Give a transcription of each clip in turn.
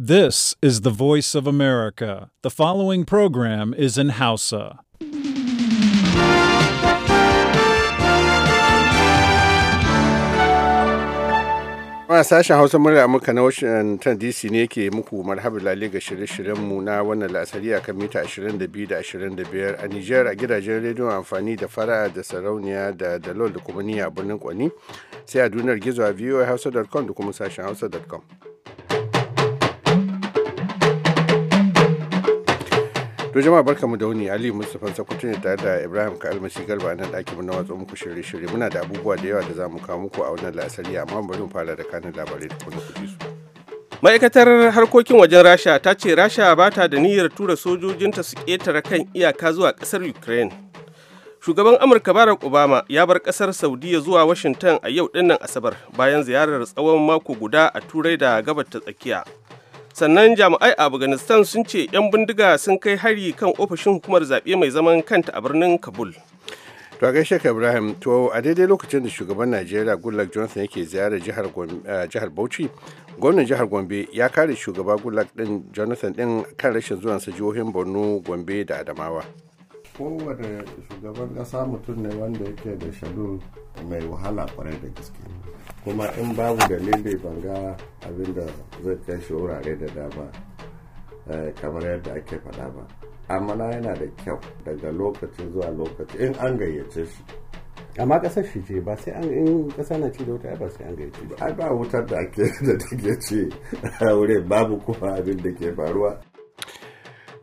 This is the voice of America. The following program is in Hausa. Ma sashen hausa murya muka na washington dc ne yake muku marhaba lalle ga shirye mu na wannan lasari a kan mita 22 da 25 a niger a gidajen rediyon amfani da fara da sarauniya da dalol da kuma niya birnin kwani sai a dunar gizo a voahausa.com da kuma sashen hausa.com to jama'a barkamu da wuni ali mustapha sakwato ne tare da ibrahim ka almasi garba nan ɗaki mu na watsa muku shirye-shirye muna da abubuwa da yawa da za mu kawo muku a wannan la'asari amma bari mu fara da kanin labarai da kuma kuɗi su ma'aikatar harkokin wajen rasha ta ce rasha ba ta da niyyar tura sojojinta su ƙetare kan iyaka zuwa ƙasar ukraine shugaban amurka barack obama ya bar ƙasar saudiya zuwa washington a yau dinnan asabar bayan ziyarar tsawon mako guda a turai da gabar ta tsakiya sannan jami'ai a afghanistan sun ce 'yan bindiga sun kai hari kan ofishin hukumar zaɓe mai zaman kanta a birnin kabul to a gaishe ka ibrahim to a daidai lokacin da shugaban najeriya goodluck johnson yake ziyarar eh, jihar bauchi gwamnan jihar gombe ya kare shugaba goodluck din jonathan din kan rashin zuwan sa jihohin borno gombe da adamawa kowane shugaban kasa mutum ne wanda yake da shadul mai wahala kwarai da gaske kuma in babu dalili banga abin da zai kai shi wurare da dama eh, kamar yadda ake faɗa ba amma na yana da kyau daga lokaci zuwa lokaci in an gayyace shi amma kasar shi ce ba sai an in kasa na ci da wuta ba sai an gayyace ba ai ba wutar da ake da take ce a wurin babu kuma abin da ke faruwa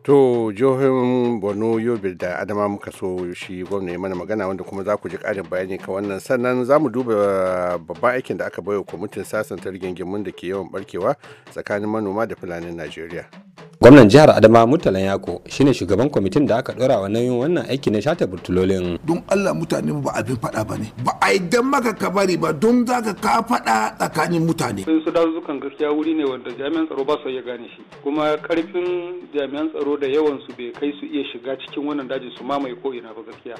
to jihohin borno yobe da adama muka so shi gwamna ya mana magana wanda kuma za ku ji karin bayani ka wannan sannan za mu duba babban aikin da aka baiwa kwamitin sasanta rigingimin da ke yawan barkewa tsakanin manoma da fulanin najeriya gwamnan jihar adama murtala yako shine shugaban kwamitin da aka dora wa nauyin wannan aiki na shata burtulolin don allah mutane ba abin fada ba ne ba a idan maka ka bari ba don za ka ka fada tsakanin mutane sun su dazukan gaskiya wuri ne wanda jami'an tsaro ba su iya gane shi kuma karfin jami'an tsaro da yawan su bai kai su iya shiga cikin wannan daji su mamaye ko ina ba gaskiya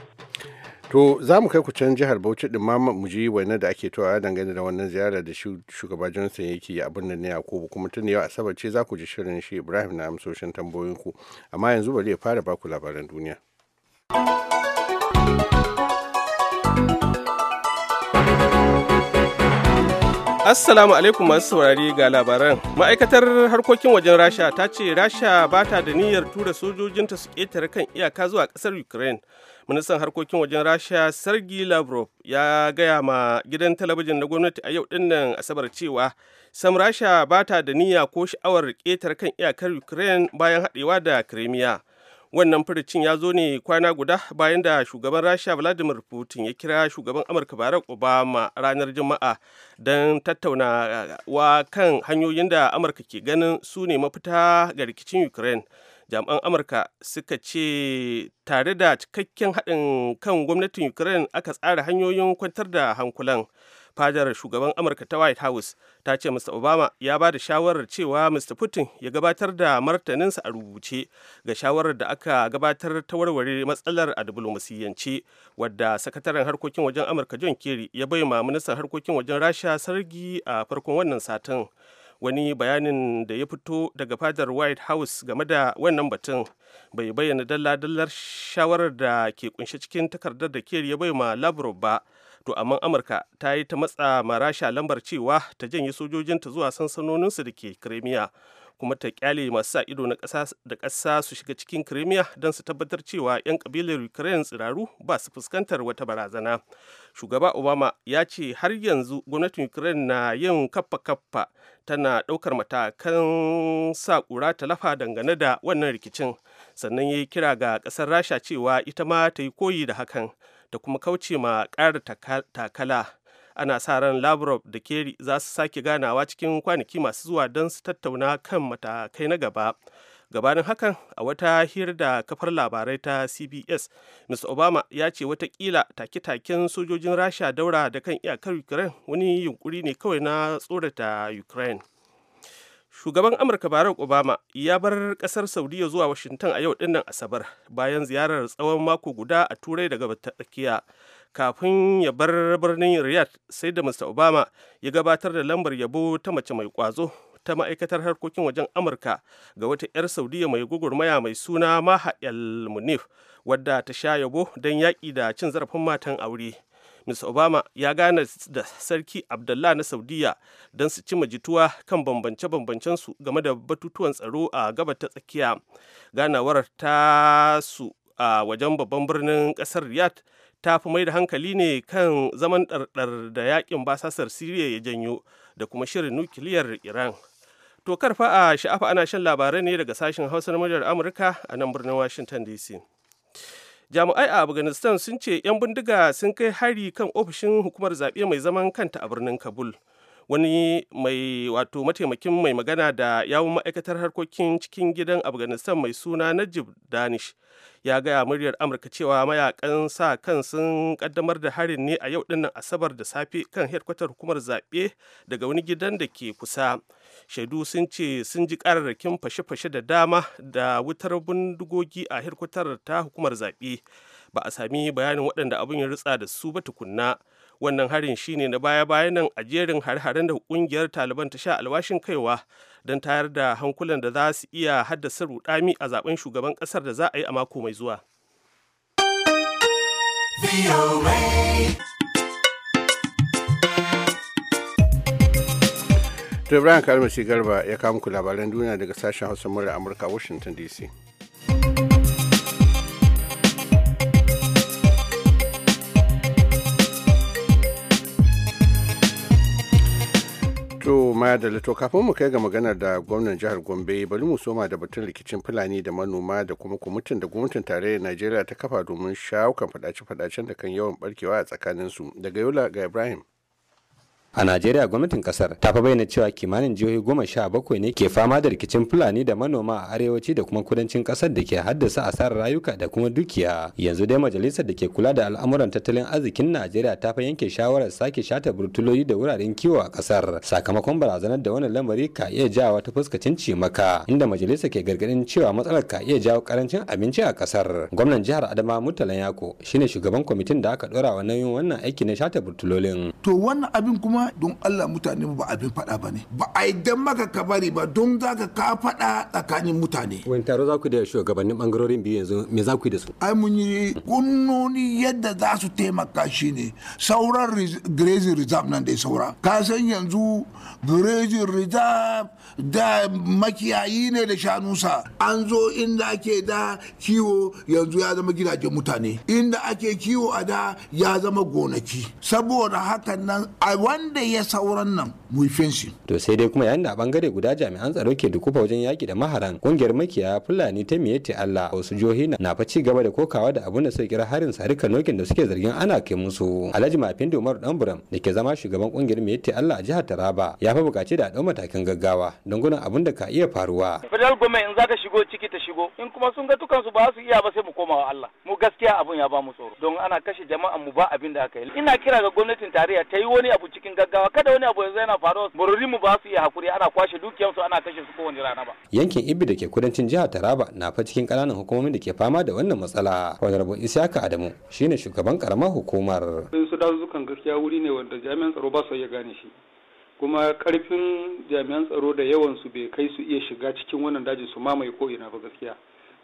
To za mu kai ku can jihar Bauchi din ma mu ji wani da ake towa dangane da wannan ziyara da shugaba Johnson yake yi a nan ne Yakubu kuma tun yau Asabar ce za ku ji shirin shi Ibrahim na amsoshin tambayoyinku amma yanzu bari ya fara baku labaran duniya. Assalamu alaikum masu saurari ga labaran. Ma'aikatar harkokin wajen Rasha ta ce Rasha ba ta da niyyar tura sojojinta su ƙetare kan iyaka zuwa ƙasar Ukraine. Ministan harkokin wajen Rasha Sergei Lavrov ya gaya ma gidan talabijin na gwamnati a yau dinnan Asabar cewa sam Rasha ba ta da niyya ko sha'awar ƙetare kan iyakar Ukraine bayan haɗewa da Crimea. wannan furicin ya zo ne kwana guda bayan da shugaban rasha vladimir putin ya kira shugaban amurka barack obama ranar juma'a don tattaunawa kan hanyoyin da amurka ke ganin su ne mafita ga rikicin ukraine jami'an amurka suka ce tare da cikakken haɗin kan gwamnatin ukraine aka tsara hanyoyin kwantar da hankulan fadar shugaban amurka ta white house ta ce mr obama ya ba da shawarar cewa mr putin ya gabatar da martaninsa a rubuce ga shawarar da aka gabatar ta warware matsalar a diplomasiyance wadda sakataren harkokin wajen amurka john kerry ya bai ma ministan harkokin wajen rasha sargi a farkon wannan satin wani bayanin da ya fito daga fadar white house game da wannan batun bai bayyana dalla-dallar shawarar da ke kunshe cikin takardar da kerry ya bai ma lavrov ba to amma amurka ta yi ta matsa ma rasha lambar cewa ta janye sojojinta zuwa sansanoninsu da ke kremiya kuma ta kyale masu sa ido na kasa da ƙasa su shiga cikin kremiya don su tabbatar cewa 'yan ƙabilar ukraine tsiraru ba su fuskantar wata barazana shugaba obama ya ce har yanzu gwamnatin ukraine na yin kaffa-kaffa tana ɗaukar matakan sa ƙura lafa dangane da wannan rikicin sannan ya yi kira ga ƙasar rasha cewa ita ma ta yi koyi da hakan da kuma kauce ma ƙara takala ana sa ran lavrov da keri za su sake ganawa cikin kwanaki masu zuwa don su tattauna kan matakai na gaba gabanin hakan a wata hira da kafar labarai ta cbs mr obama ya ce watakila take-taken sojojin rasha daura da kan iyakar ukraine wani yunkuri ne kawai na tsorata ukraine shugaban amurka barack obama ya bar kasar saudiya zuwa washington a yau dinnan asabar bayan ziyarar tsawon mako guda a turai daga tsakiya kafin ya bar birnin riyadh sai da mr obama ya gabatar da lambar yabo ta mace mai kwazo ta ma'aikatar harkokin wajen amurka ga wata 'yar saudiya mai gugurmaya mai suna maha el munif wadda ta sha yabo don yaƙi da cin zarafin matan aure mr obama ya gane da sarki abdullah na saudiya don su ci majituwa kan bambance-bambancensu game da batutuwan tsaro a gabar ta tsakiya ganawar ta su a wajen babban birnin kasar riyadh ta fi mai da hankali ne kan zaman ɗarɗar da yakin basasar siriya ya janyo da kuma shirin nukiliyar iran to karfa a sha'afa ana shan labarai ne daga sashen hausa na amurka a nan birnin washington dc jami'ai a afghanistan sun ce 'yan bindiga sun kai hari kan ofishin hukumar zaɓe mai zaman kanta a birnin kabul wani mai wato mataimakin mai magana da yawun ma'aikatar harkokin cikin gidan afghanistan mai suna najib danish ya gaya muryar amurka cewa mayakan sa kan sun kaddamar da harin ne a yau dinnan asabar da safe kan hedkwatar hukumar zaɓe daga wani gidan da ke kusa shaidu sun ce sun ji kararrakin fashe-fashe da dama da wutar bindigogi a hedkwatar ta hukumar zaɓe ba a sami bayanin waɗanda abin ya ritsa da su ba tukunna wannan harin shine na baya-bayan nan a jerin har-haren da kungiyar taliban ta sha alwashin kaiwa don tayar da hankulan da za su iya haddasa rudami a zaben shugaban kasar da za a yi a mako mai zuwa Ibrahim Kalmasi Garba ya kawo muku labaran duniya daga sashen Hausa murar Amurka, Washington DC. ma da lato kafin mu kai ga maganar da gwamnan jihar Gombe bari mu soma da batun rikicin Fulani da manoma da kuma kwamitin da gwamnatin tarayyar Najeriya ta kafa domin shawo kan fadace-fadacen da kan yawan barkewa a tsakaninsu daga Yola ga Ibrahim. a najeriya gwamnatin kasar ta fa bayyana cewa kimanin jihohi goma sha bakwai ne ke fama da rikicin fulani da manoma a arewaci da kuma kudancin kasar da ke haddasa asarar rayuka da kuma dukiya yanzu dai majalisar da ke kula da al'amuran tattalin arzikin najeriya ta fa yanke shawarar sake shata burtuloyi da wuraren kiwo a kasar sakamakon barazanar da wannan lamari ka iya jawo ta fuskacin cimaka inda Majalisa ke gargadin cewa matsalar ka iya jawo karancin abinci a kasar gwamnan jihar adama mutalan yako shine shugaban kwamitin da aka dora wa nauyin wannan aiki na shata burtulolin to wannan abin kuma don Allah mutane ba abin faɗa ba ne ba a idan maka ka bari ba don za ka ka faɗa tsakanin mutane wani taro za ku da shugabannin bangarorin biyu yanzu me za ku da su ai mun yi kunnoni yadda za su taimaka shi ne sauran grazing reserve nan da ya saura ka san yanzu grazing reserve da makiyayi ne da shanunsa an zo inda ake da kiwo yanzu ya zama gidajen mutane inda ake kiwo a da ya zama gonaki saboda hakan nan a wannan wanda ya sauran nan mu fenshi. to sai dai kuma yayin da a bangare guda jami'an tsaro ke dukufa wajen yaki da maharan kungiyar makiya fulani ta miyete Allah wasu jihohi na fa ci gaba da kokawa da abun da suka kira harin sarika nokin da suke zargin ana kai musu Alhaji Mafindi Umar Danburam da ke zama shugaban kungiyar miyete Allah a jihar Taraba ya fa bukaci da a dau matakin gaggawa don gudun abun da ka iya faruwa federal government in za ka shigo ciki ta shigo in kuma sun ga tukansu ba su iya ba sai mu koma wa Allah mu gaskiya abun ya ba mu tsoro don ana kashe jama'an mu ba abin da aka yi ina kira ga gwamnatin tarayya ta yi wani abu cikin gaggawa kada wani abu yanzu yana faruwa murori mu ba su iya hakuri ana kwashe dukiyarsu ana kashe su kowane rana ba yankin ibi da ke kudancin jihar taraba na fa cikin kananan hukumomin da ke fama da wannan matsala honorable isaka adamu shine shugaban karamar hukumar su dazuzzukan gaskiya wuri ne wanda jami'an tsaro ba su iya gane shi kuma karfin jami'an tsaro da yawan su bai kai su iya shiga cikin wannan daji su mamaye ko ina ba gaskiya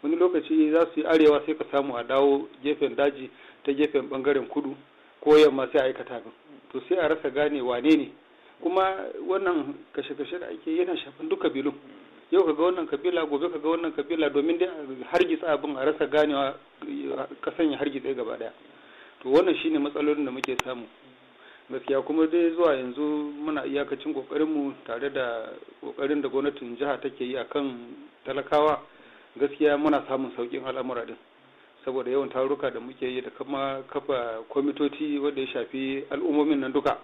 wani lokaci za su yi arewa sai ka samu a dawo gefen daji ta gefen bangaren kudu ko yamma sai aikata bin to sai a rasa gane wane ne kuma wannan kashe-kashe da ake yana shafin duk bilu yau kaga wannan kabila gobe kaga wannan kabila domin dai hargitsa abin a rasa ganewa kasan ya hargitsa gaba daya to wannan shine matsalolin da muke samu gaskiya kuma dai zuwa yanzu muna iyakacin kokarinmu tare da kokarin da gwamnatin jiha take yi akan talakawa gaskiya muna samun saukin al'amura din saboda yawan taruka da muke yi da kuma kafa kwamitoci wanda ya shafi al'ummomin nan duka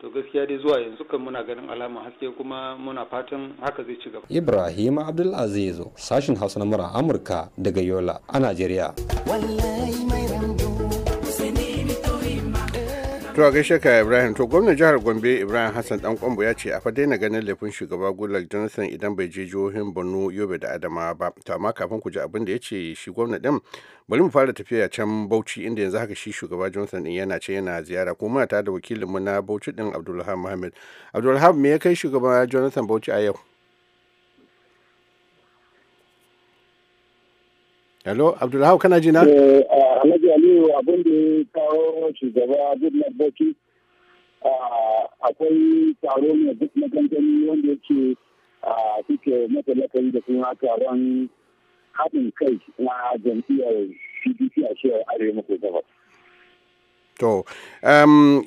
to gaskiya dai zuwa yanzu kan muna ganin alama haske kuma muna fatan haka zai ci gaba ibrahim abdulaziz sashin hausa na mura amurka daga yola a najeriya wallahi mai tuwa gaishe ka ibrahim to gwamnan jihar gombe ibrahim hassan dan kwambo ya ce a fa daina ganin laifin shugaba goodluck Johnson idan bai je jihohin borno yobe da adama ba to amma kafin ku ji abin da ya ce shi gwamna din bari mu fara tafiya can bauchi inda yanzu haka shi shugaba Johnson din yana ce yana ziyara kuma ta da wakilin mu na bauchi din abdulrahman muhammad abdulrahman me ya kai shugaba Johnson bauchi a yau hello abdulrahman kana jina eh, abin da ya kawo shugaba goodluck bauchi akwai taro ne duk na gangani wanda yake suke matalakari da kuma taron haɗin kai na jam'iyyar pdp a shiyar arewa maso gabas to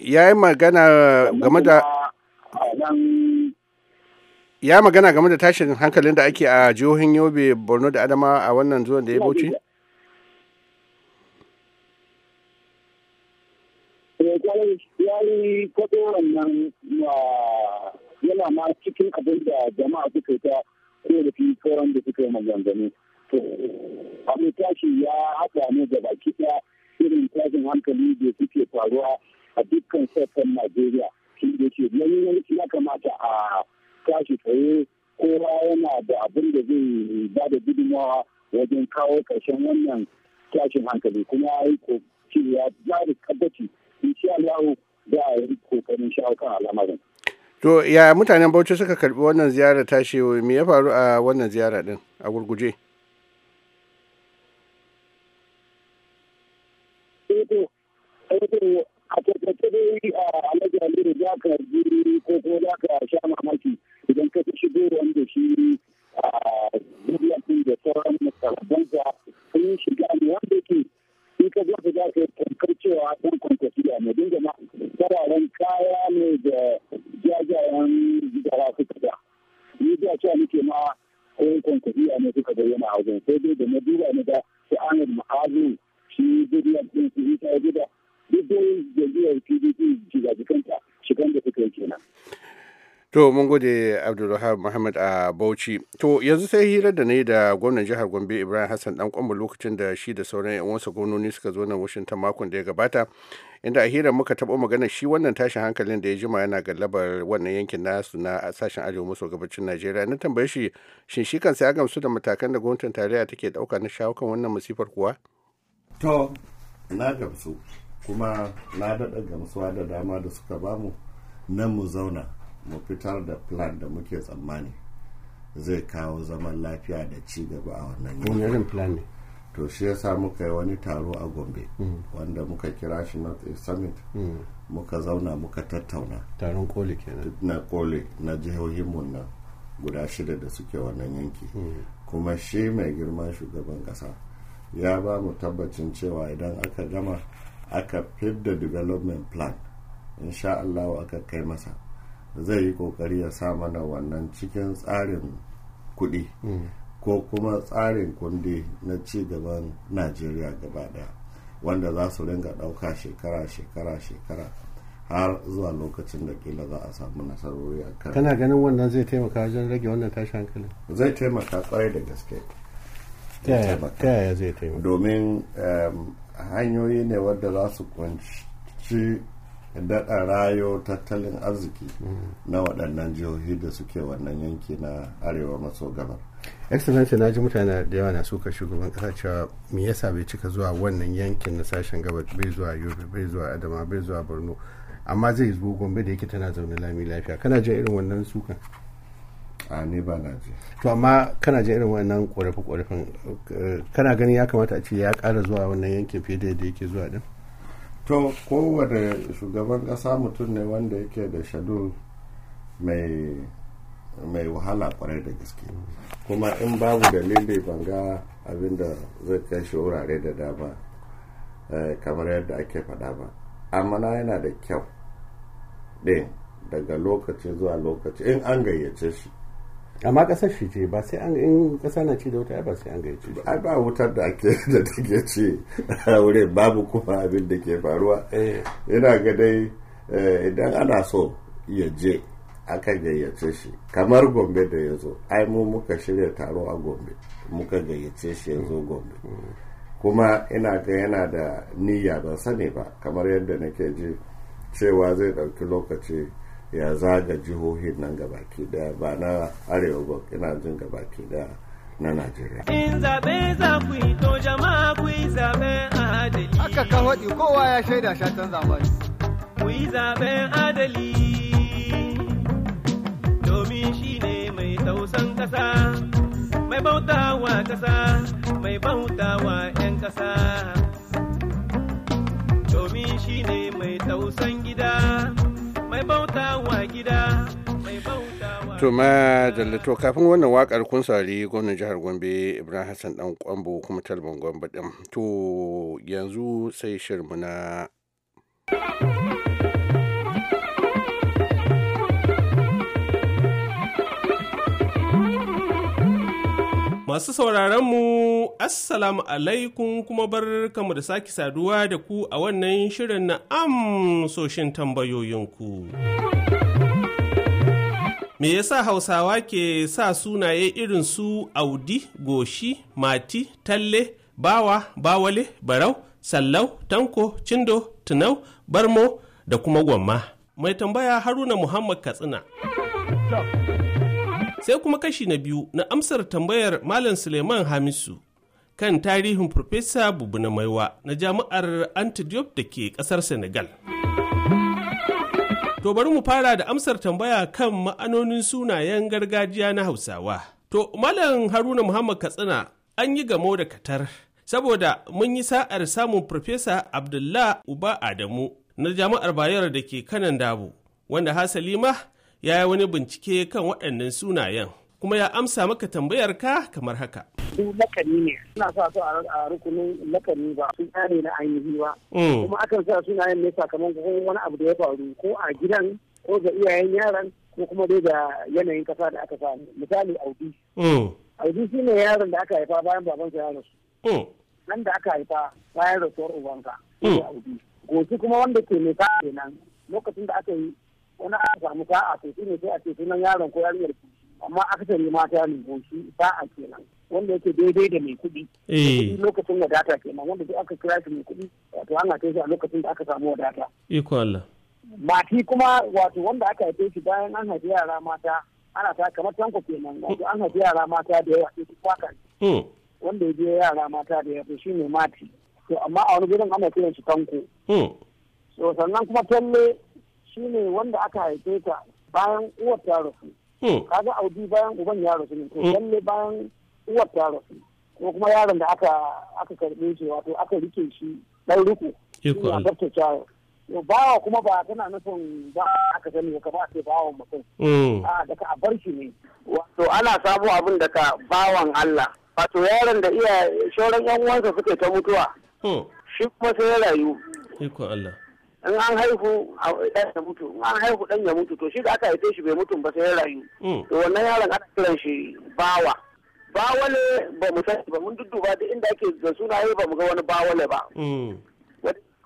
ya yi magana game da ya magana game da tashin hankalin da ake a jihohin yobe borno da adama a wannan zuwan da ya bauchi ya yi kwaɗo wannan yana ma cikin abin da jama'a suka yi ta korafi sauran da suka yi maganganu. To, abin tashi ya haɗa ne da baki ɗaya irin tashin hankali da suke faruwa a dukkan sassan Najeriya. Shi da ke nan ya kamata a tashi tsaye kowa yana da abin da zai ba da gudunmawa wajen kawo ƙarshen wannan tashin hankali kuma ya yi ya ba da tabbaci insha Allah za a yi kokarin shawaka a lamarin To ya mutanen Bauchi suka karbi wannan ziyara tashi me ya faru a wannan ziyara din a gurguje? Eh, eh, a tattace dai a alhaji aliyu za ka ji ko za ka sha mamaki idan ka fi shigo wanda shi a duniya da sauran musabansa sun shiga ne wanda ke in ka zo za ka tamkar cewa ɗan da ne dinga fararen kaya ne da jajayen gidara suka da ni da cewa nake ma ɗan kwankwasiya ne suka bayyana a wajen sai dai da na duba ni da su ahmed ma'azu shi zuriyar ɗin su isa gida duk dai jam'iyyar pdp shiga jikanta shigan da suka yi kenan To mun gode Abdulrahman Muhammad a Bauchi. To yanzu sai hira da ne da gwamnan jihar Gombe Ibrahim Hassan dan kwamba lokacin da shi da sauran yan wasu gwamnoni suka zo nan Washington makon da ya gabata. Inda a hira muka taɓa magana shi wannan tashin hankalin da ya jima yana gallabar wannan yankin nasu na sashen arewa maso gabacin Najeriya. Na tambaye shi shin shi kansa ya gamsu da matakan da gwamnatin tarayya take ɗauka na shawo kan wannan masifar kuwa? To na gamsu kuma na daɗa gamsuwa da dama da suka bamu nan mu zauna mu fitar da plan da muke tsammani zai kawo zaman lafiya da ci gaba a wannan yankin plan ne to shi yasa muka yi wani taro a gombe mm. wanda muka kira shi north east summit mm. muka zauna muka tattauna taron koli kenan na koli na jihohinmu na guda shida da suke wannan yanki mm. kuma shi mai girman shugaban kasa ya ba mu tabbacin cewa idan aka gama aka fidda development plan insha Allah aka kai masa zai yi kokari ya sa mana wannan cikin tsarin kuɗi ko kuma tsarin kundi na ci gaban najeriya gaba daya wanda za su ringa ɗauka shekara shekara shekara har zuwa lokacin da kila za a samu nasarori a kan kana ganin wannan zai taimaka wajen rage wannan tashi hankali zai taimaka kwarai da gaske ta yaya zai taimaka domin hanyoyi ne wadda za su kwanci. daɗa rayo tattalin arziki mm. na waɗannan jihohi da suke wannan yanki na arewa maso gabar excellency na ji mutane da yawa na suka shugaban kasa cewa me yasa bai cika zuwa wannan yankin na sashen gabas bai zuwa yobe bai zuwa adama bai zuwa borno amma zai zo gombe da yake tana zaune lami lafiya kana jin irin wannan sukan a ne ba na ji to amma kana jin irin wannan ƙorafi ƙorafin eh, kana ganin ya kamata a ce ya ƙara zuwa wannan yankin fiye da yake zuwa din to kowane shugaban kasa mutum ne wanda yake da shadu mai mai wahala kwarai da gaske kuma in babu dalili banga abinda zai kai shi wurare da dama eh, kamar yadda ake faɗa ba amma na yana da kyau ɗin daga lokaci zuwa lokaci in an gayyace shi amma kasar shi ce ba sai an in kasa na ci da wuta ba sai an ci. ba ba wutar da ake da take ce wurin babu kuma abin da ke faruwa yana eh. ga dai eh, idan ana so ya je akan gayyace shi kamar gombe da ya zo ai mu muka shirya taro a gombe muka gayyace shi ya zo gombe mm. kuma ina ga yana da niyya ban sani ba kamar yadda nake ji cewa zai ɗauki lokaci ya zaga jihohin nan gabaki daya ba na arewa ba ina jin gabaki daya na najeriya in zaɓe jama'a ku zaɓe haka kan waɗi kowa ya shaida shatan zamani ku yi zaɓen adali domin shi ne mai tausan ƙasa mai bautawa ƙasa mai bautawa 'yan ƙasa To ma jallato kafin wannan wakar kun sari gwamnan jihar Gombe Ibrahim Hassan dan Kwambo kuma talban Gombe din. To yanzu sai shirmu na Masu sauraronmu, Assalamu alaikum kuma bar kamu da sake saduwa da ku a wannan shirin na amsoshin tambayoyinku. Me yasa Hausawa ke sa sunaye irin su Audi, Goshi, Mati, Talle, Bawa, Bawale, Barau, Sallau, Tanko, Cindo, Tunau, Barmo da kuma Gwamma. Mai tambaya Haruna Muhammad Katsina. Sai kuma kashi na biyu na amsar tambayar Malam Suleiman Hamisu kan tarihin Profesa Bubu na Maiwa na Jami'ar Antidiop da ke ƙasar Senegal. To bari mu fara da amsar tambaya kan ma'anonin sunayen gargajiya na Hausawa. To Malam Haruna Muhammad Katsina an yi gamo da Katar, saboda mun yi sa'ar samun Farfesa Abdullah Uba Adamu na jami'ar Bayero da ke kanan dabo, wanda hasali ma ya yi wani bincike kan waɗannan sunayen, kuma ya amsa maka tambayar ka kamar haka. duk lakani ne suna sa su a rukunin lakani ba su tsare na ainihi ba mm. kuma akan sa sunayen ne sakamakon wani abu da ya faru ko a gidan ko ga iyayen yaran ko kuma dai da yanayin kasa da aka samu misali audi mm. audi shi ne yaron da aka haifa bayan babansa ya rasu mm. nan da aka haifa bayan rasuwar ubanka shi kuma wanda ke mai sa kenan lokacin da aka yi wani aka samu sa'a to shi ne sai a ce sunan yaron ko yarinyar amma aka ce mata ne gosi sa'a kenan wanda yake daidai da mai kuɗi. Eh. lokacin wadata kenan wanda duk aka kira shi mai kuɗi wato an haife shi a lokacin da aka samu wa wadata. Iko Allah. Mati kuma wato wanda aka haife shi bayan an haifi yara mata ana ta kamar tanko kenan wato an haifi yara mata da yawa sai kwaka. Hmm. Wanda ya je yara mata da yawa shi ne mati. To amma a wani gurin ana kiran shi tanko. Hmm. So sannan kuma talle shi ne wanda aka haife ta bayan uwar ta rasu. Hmm. Kaga audi bayan uban ya rasu ne to talle bayan uwar ta rasu ko kuma yaron da aka aka karbe shi wato aka rike shi dan riko ya barta ta bawa kuma ba tana nufin ba aka sani ba kamar ce bawan mutum mm. a daga a bar shi ne wato ana samu abin daga bawan Allah wato yaron da iya shoran yan uwansa suke ta mutuwa hmm. shi kuma sai ya rayu iko Allah in an haihu ɗan ya mutu in an haihu ɗan ya mutu to shi da aka haife shi bai mutu ba sai ya rayu hmm. to wannan yaron ana kiran shi bawa bawale ba mu sani ba mun dudduba duk inda ake da sunaye ba mu ga wani bawale ba mm.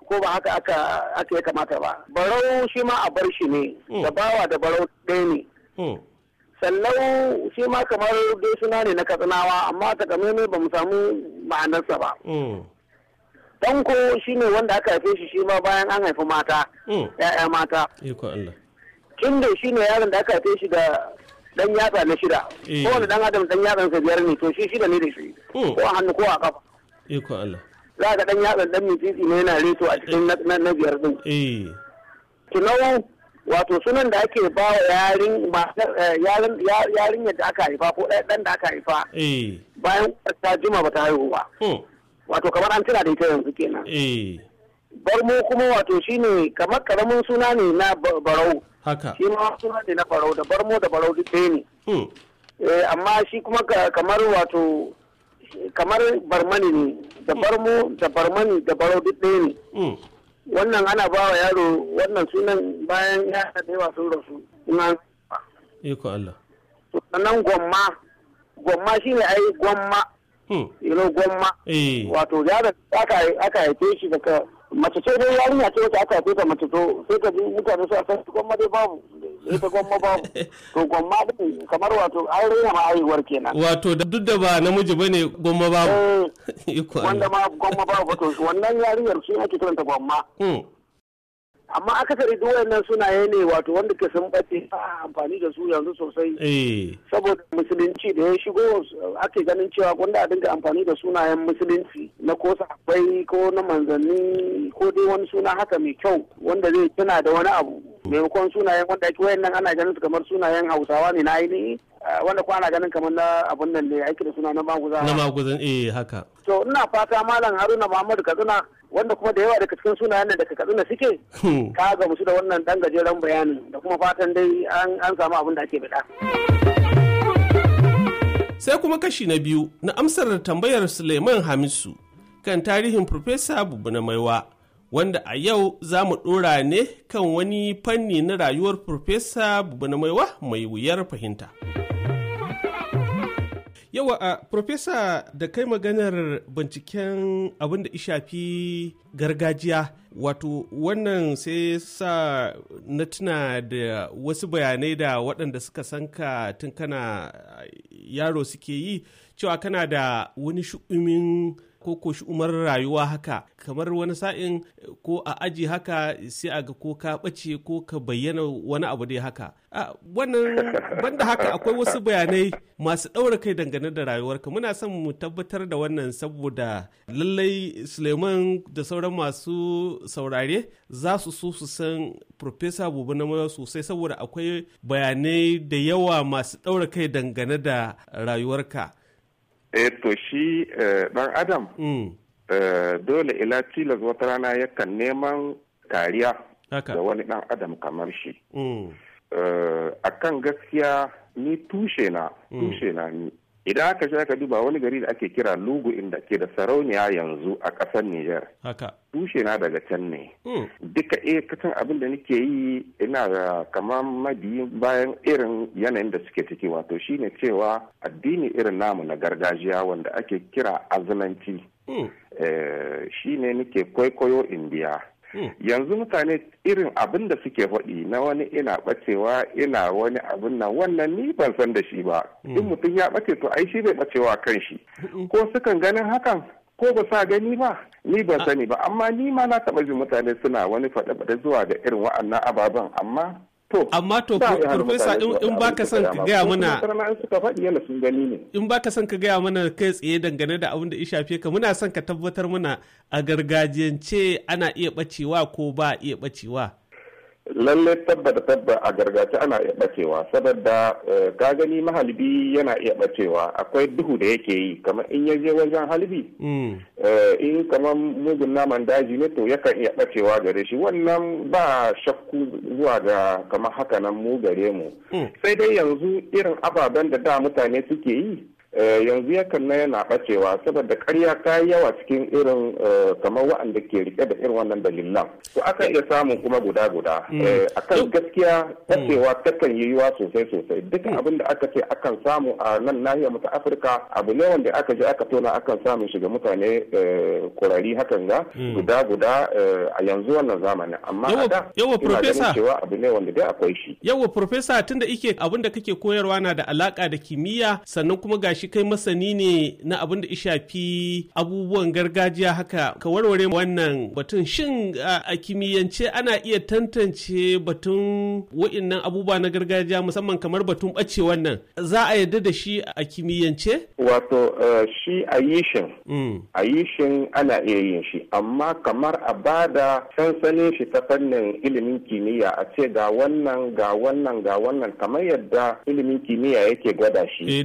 ko ba haka aka aka ya kamata ba barau shi ma a bar shi ne mm. da bawa da barau ɗaya ne mm. sallau shi ma kamar dai suna ne na katsinawa amma ne ba mu samu ma'anarsa ba Tanko shi ne wanda aka haife shi shi ma bayan an haifi mata ya'ya mata Kinde shi ne yaron da aka haife shi da dan yatsa na shida eh. wani dan adam dan yatsa biyar ne to shi shida ne da shi oh. ko a hannu ko a kafa iko Allah za ka dan yatsan dan mitsitsi ne yana reto a cikin na biyar din eh kinau wato sunan da ake ba wa yarin eh, yarin yadda aka haifa ko ɗaya dan da aka haifa eh. bayan ta juma ba ta haihu ba oh. wato kamar an tira da ita yanzu kenan bar mu kuma wato shine kamar karamin suna ne na barau haka shi ma suna ne na barau da barmo da barau duk ɗaya ne eh, amma shi kuma kamar wato kamar barmani ne da barmo da barmani da barau duk ɗaya ne wannan ana ba wa yaro wannan sunan bayan ya da yawa sun rasu ina iko Allah sannan gwamma gwamma shine ai gwamma you know gwamma eh. wato da aka haife shi daga mace ce dai yarinya ce wacce aka haife ta mace to sai ka ji mutane su akan su gwamma dai babu eh, ta gwamma babu to gwamma din kamar wato an rena ma aihuwar kenan wato duk da ba namiji bane gwamma babu eh, wanda ma gwamma babu to wannan yarinyar shi ake kiranta gwamma hmm. amma akasari duk wayannan sunaye ne wato wanda ke sun bace a amfani da su yanzu sosai eh. saboda musulunci da ya shigo ake ganin cewa wanda a dinga amfani da sunayen musulunci na ko sahabbai ko na manzanni ko dai wani suna haka mai kyau wanda zai tuna da wani abu maimakon sunayen wanda ake wayannan ana ganin su kamar sunayen hausawa ne na ainihi eh, wanda kwana ganin kamar na abun nan ne aiki da suna na maguza na maguzan eh haka to ina fata malam haruna muhammadu katsina wanda kuma da yawa daga cikin sunayen da daga katsina suke hmm. ka ga musu da wannan dan gajeren bayanin da kuma fatan dai an samu abin da ake bida. sai kuma kashi na biyu na amsar da tambayar suleiman hamisu kan tarihin Profesa na Maiwa, wanda a yau za mu ɗora ne kan wani fanni na rayuwar Profesa na Maiwa mai wuyar fahimta. Yawa a Profesa da kai maganar binciken abin da shafi gargajiya wato wannan sai sa na tuna da wasu bayanai da waɗanda suka san ka tun kana yaro suke yi cewa kana da wani shu'umin ko ko umar rayuwa haka kamar wani sa'in eh, ko a aji haka sai a ga ko ka ɓace ko ka bayyana wani abu dai haka a wannan banda haka akwai wasu bayanai masu ɗaura kai dangane da rayuwarka muna son mu tabbatar da wannan saboda lallai suleiman da sauran masu saurare za su so su san profesa bubu na sosai saboda akwai bayanai da yawa masu ɗaura kai dangane da rayuwarka eh to shi dan eh, adam mm. eh, dole ila tilas wata rana yakan neman kariya da wani dan adam kamar shi mm. eh, a kan gaskiya ni tushe na mm. tushe na ni idan aka sha ka duba wani gari da ake kira lugu inda ke da sarauniya yanzu a ƙasar niger haka tushe na daga can ne hmm. duka iya katon abin da nake yi ina da kamar mabiyin bayan irin yanayin da suke ciki wato shine cewa addini irin namu na gargajiya wanda ake kira azulanci hmm. eh, shine nake kwaikwayo indiya Hmm. yanzu mutane irin abin da suke faɗi na wani ina ɓacewa ina wani abin nan wannan ni ban san da shi ba hmm. in mutum ya ɓace to ai shi bai ɓacewa kan shi hmm. ko sukan ganin hakan ko ba sa gani ba ni ban ah. sani ba amma ni ma na taɓa jin mutane suna wani faɗe-faɗe zuwa ga irin wa'annan ababen amma amma to profesa in ba ka son ka gaya mana in ba ka son ka gaya mana kai tsaye dangane da abin da ya shafe ka muna son ka tabbatar mana a gargajiyance ana iya bacewa ko ba iya bacewa lalle tabba tabba a gargaci ana iya bacewa saboda eh, ka gani mahalibi yana iya bacewa akwai duhu da yake yi kamar in ya je wajen halibi mm. eh, in kamar mugun naman daji ne to yakan iya bacewa gare shi wannan ba shakku zuwa ga kamar haka nan mu gare mu mm. sai dai yanzu irin ababen da da mutane suke yi Eh, yanzu ya kan yana bacewa saboda karya ta yi yawa cikin irin eh, kamar waɗanda ke rike da irin wannan dalilan to aka iya samun kuma guda guda mm. eh, a kan gaskiya bacewa mm. takan yi yiwa sosai sosai dukkan mm. abin da aka ce akan samu a nan nahiyar mu afirka abu ne wanda aka je aka tona akan samun shiga mutane kurari hakan ga guda guda a yanzu wannan zamani amma a da yawa profesa cewa abu ne wanda dai akwai shi yawa profesa tunda ike abin da kake koyarwa na da alaka da kimiyya sannan kuma gashi shi kai masani ne na abin da shafi abubuwan gargajiya haka ka warware wannan batun shin a kimiyyance ana iya tantance batun wa'innan abubuwa na gargajiya musamman kamar batun ɓace wannan za a yarda da shi a kimiyyance? Wato eh, shi a yi mm. a yi ana iya yin shi amma kamar a ba da sansanin shi ta fannin ilimin kimiyya a ce ga wannan ga wannan ga wannan kamar yadda ilimin kimiyya yake gwada shi. Eh,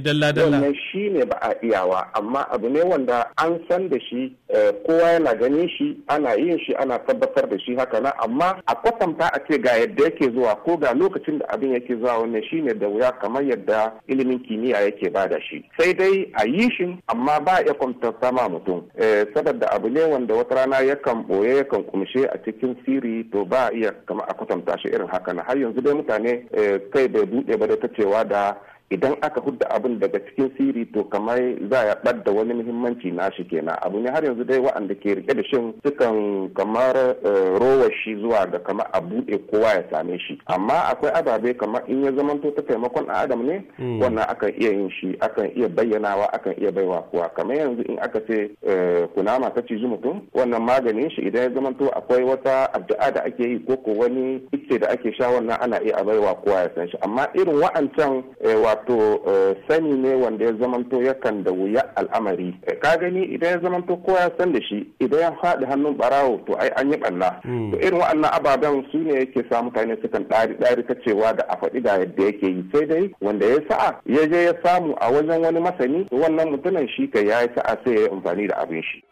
shi ne ba a iyawa amma abu ne wanda an san da shi eh, kowa yana ganin shi ana yin shi ana tabbatar da shi haka na amma a kwatanta a ce ga yadda yake zuwa ko ga lokacin da abin yake zuwa wannan shi ne da wuya kamar yadda ilimin kimiyya yake ba da shi sai dai a yi shi amma ba a iya kwamtanta sama mutum eh, saboda abu ne wanda wata rana yakan boye yakan kumshe a cikin siri to ba a iya kama a kwatanta shi irin haka na har yanzu dai mutane eh, kai bai buɗe ba da ta cewa da idan aka hudda abin daga cikin siri to kamar za ya ɓadda wani muhimmanci na shi kenan abu ne har yanzu dai wa'anda ke rike da shin sukan kamar eh, rowar shi zuwa ga kamar a buɗe kowa ya same shi amma akwai ababe kamar in ya zamanto ta taimakon adam ne hmm. wannan akan iya yin shi akan iya bayyanawa akan iya baiwa kowa kamar yanzu in aka ce eh, kunama ta ciji mutum wannan maganin shi idan ya zamanto akwai wata addu'a da ake yi ko ko wani ice da ake sha wannan ana iya baiwa kowa ya san shi amma irin wa'ancan eh, wato eh, sani ne wanda ya zamanto yakan da wuya al'amari eh, ka gani idan ya zamanto ko ya san da shi idan ya faɗi hannun barawo to ai an yi ɓanna hmm. to irin waɗannan ababen su ne yake sa mutane sukan ɗari ɗari ta cewa da a faɗi da yadda yake yi sai dai wanda ya sa'a ya je ya samu a wajen wani masani to wannan mutumin shi ka ya yi sa'a sai ya yi amfani da abin shi.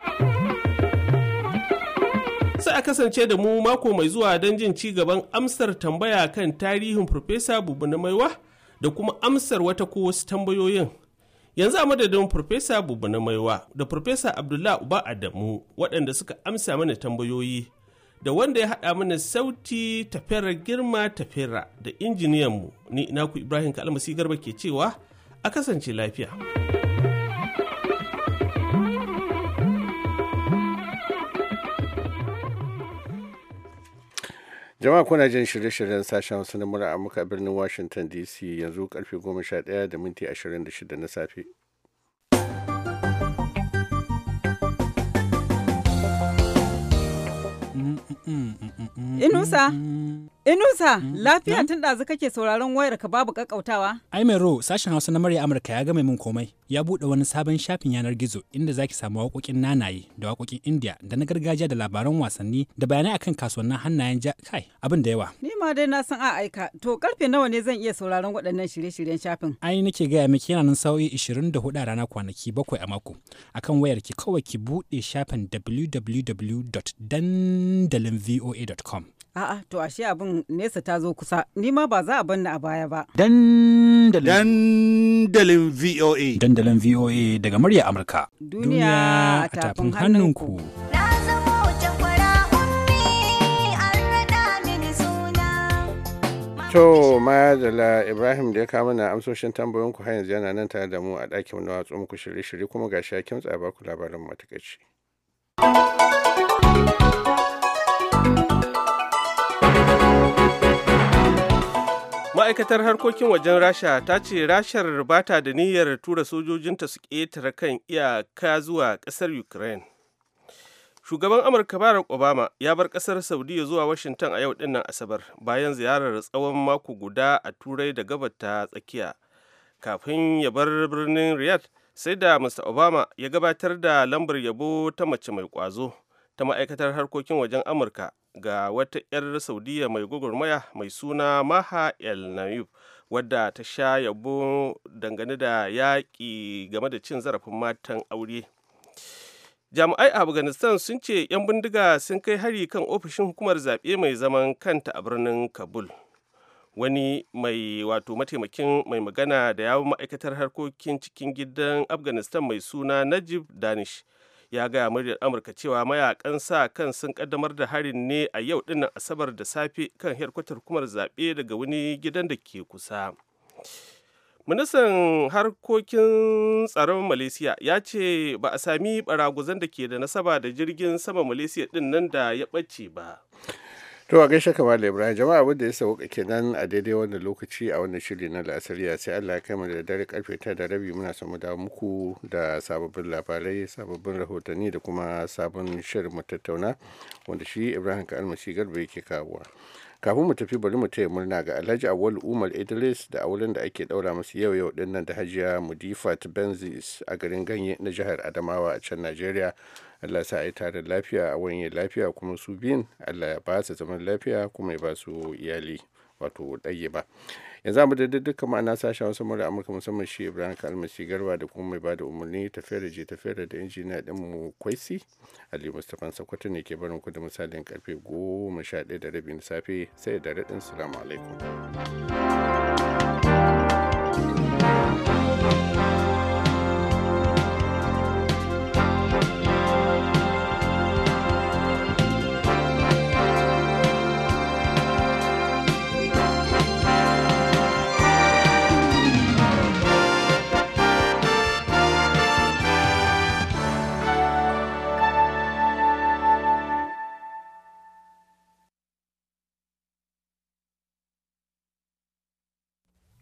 sai a kasance da mu mako mai zuwa don jin ci gaban amsar tambaya kan tarihin Farfesa Bubu na Maiwa da kuma amsar wata ko wasu tambayoyin yanzu a madadin farfesa buba na maiwa da farfesa Abdullahi uba adamu waɗanda suka amsa mana tambayoyi da wanda ya haɗa mana sauti tafera girma tafera da injiniyanmu ni naku ibrahim kalmasi garba ke cewa a kasance lafiya. jama'a kuna jin shirye-shiryen sashen hausa na mura muka birnin washington dc yanzu karfe 11:26 na safe Inusa, Inusa, mm, mm, lafiya mm. tun ɗazu kake sauraron wayar ka babu kakautawa? Ai mai ro, sashen Hausa na murya Amurka ya gama min komai. Ya buɗe wani sabon shafin yanar gizo inda zaki samu waƙoƙin nanaye da waƙoƙin indiya da na gargajiya da labaran wasanni da bayanai akan kasuwannin hannayen ja kai abin da yawa. Ni ma dai na san a aika. To karfe nawa ne zan iya sauraron waɗannan shirye-shiryen shafin? Ai nake gaya miki yana nan sa'o'i hudu a rana kwanaki bakwai a mako. Akan wayar ki kawai ki buɗe shafin www.dan dandalin voa.com. A'a, to ashe abin nesa ta zo kusa, ni ma ba za a banna a baya ba. Dandalin. Dandalin VOA. Dandalin VOA daga murya Amurka. Duniya a tafin hannunku. To, la Ibrahim da ya kama na amsoshin tambayoyinku har yanzu yana nan tare da mu a ɗakin na watsu muku shirye-shirye kuma ga shakin tsaba ku labarin matakaci. ma'aikatar harkokin wajen rasha ta ce rashar bata da niyyar tura sojojinta su ƙetare kan iyaka zuwa ƙasar ukraine shugaban amurka barack obama ya bar ƙasar saudiya zuwa washington a yau dinnan asabar bayan ziyarar tsawon mako guda a turai da gabata tsakiya kafin ya bar birnin riyadh sai da mr obama ya gabatar da lambar yabo ta mace mai kwazo ta ma'aikatar harkokin wajen amurka ga wata 'yar saudiya mai gwagwarmaya mai suna maha el nayib wadda ta sha yabo dangane da yaƙi game da cin zarafin matan aure jami'ai a afghanistan sun ce 'yan bindiga sun kai hari kan ofishin hukumar zaɓe mai zaman kanta a birnin kabul wani mai wato mataimakin mai magana da yawon ma'aikatar harkokin cikin gidan afghanistan mai suna najib danish ya gaya muryar amurka cewa mayakan sa kan sun kaddamar da harin ne a yau dinnan asabar da safe kan herkwatar kumar zaɓe daga wani gidan da ke kusa ministan harkokin tsaron malaysia ya ce ba a sami baraguzan da ke da nasaba da jirgin sama malaysia din nan da ya ɓace ba To a gaishe kamar Ibrahim jama'a wanda ya sauka kenan a daidai wannan lokaci a wannan shiri na la'asariya sai Allah ya mu da dare karfe ta da rabi muna samu da muku da sababbin labarai sababbin rahotanni da kuma sabon shirin mu tattauna wanda shi Ibrahim ka almasi garba yake kawowa. Kafin mu tafi bari mu taya murna ga Alhaji Awal Umar Idris da auren da ake daura masu yau yau din da Hajiya Mudifat Benzis a garin Ganye na jihar Adamawa a can Najeriya allah sa a yi taron lafiya a wani lafiya kuma su biyun allah ya ba su zaman lafiya kuma ya ba su iyali wato ɗaye ba yanzu amma da dukkan ma'ana sashen wasu mura amurka musamman shi ibrahim kalmasi garba da kuma mai ba da umarni tafiyar da je tafiyar da injiniya ɗin mu kwaisi ali mustapha sakwato ne ke barin ku da misalin karfe goma sha ɗaya da rabi na safe sai da raɗin salamu alaikum